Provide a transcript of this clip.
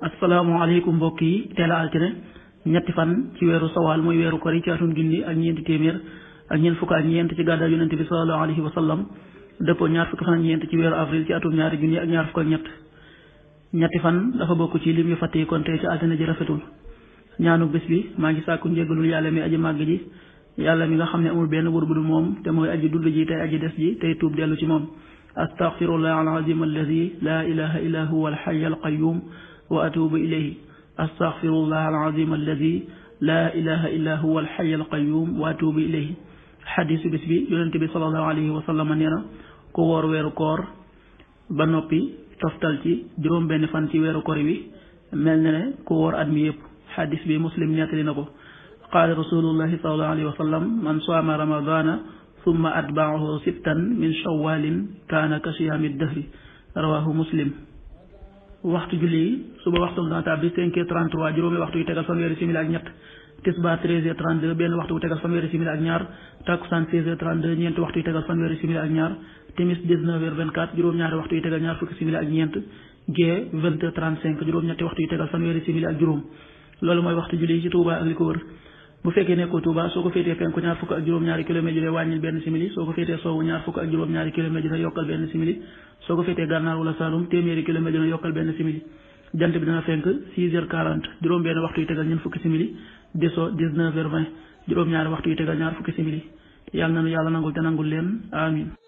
asalaamaaleykum mbokk yi teel a altine ñetti fan ci weeru sawaal mooy weeru kori ci atum junni ak ñeenti téeméer ak ñeent fukk ak ñeent ci gàddaay yonente bi sallallahu alayhi wa sallam dëppoo ñaar ñeent ci weeru avril ci atum ñaari junni ak ñaar fukk ñett ñetti fan dafa bokk ci lim yu fàtte kon tey ci altine ji rafetul ñaanu bés bi maa ngi sàkku njéggalul yàlla mi aji màgg ji yàlla mi nga xam ne amul benn wër bu dul moom te mooy aji dund ji tey aji des ji tey tuub dellu ci moom astaghfirullah alazim alladi la ilaha illa huwa alxay alqayum wa atubu ilayhi astaghfirullah alazim alladi laa ilaha illa huwa alxay alqayum wa atubu ilayhi xadisu bis bi yonente bi salallahu alayhi wa sallam nee na ku woor weeru koor ba noppi toftal ci juróom benn fan ci weeru koor wi mel na ne ku woor at mi yëpp xadis bi muslim nettali na ko qaala rasulullahi salallahu alayhi wa sallam man saama ramadana summa atbaahu sittan min shawalin kaana ka siyaami dahri rawahu muslim waxtu julli yi suba waxtu dana tàbbi cinq heures trente-trois juróomi waxtu yu tegal fanweeri simili ak ñett tisbaar treize heures deux benn waxtu wu tegal fanweeri simili ak ñaar takkusaan seize heures trente ak ñaar timis dix vingt-quatre juróom-ñaari waxtu yu tegal ñaar fukki simili ak ñeent gee vingt heures cinq juróom-ñetti waxtu yu tegal fanweeri simili ak juróom loolu mooy waxtu julli yi ci Tuubaa ak bu fekkee nekkoo Touba soo ko féetee penku ñaar fukk ak juróom-ñaari kilomètres yi wàññil benn simili soo ko féetee soowu ñaar fukk ak juróom-ñaari kilomètres yi yokkal benn simili soo ko féetee gànnaar wala Saloum téeméeri kilomètres yi yokkal benn simili jant bi dana fenk 6 heures 40 juróom benn waxtu yu tegal ñeent fukki simili desoo 19 heures 20 juróom-ñaari waxtu yu tegal ñaar fukki simili yàlla na nu yàlla nangul te nangul leen amin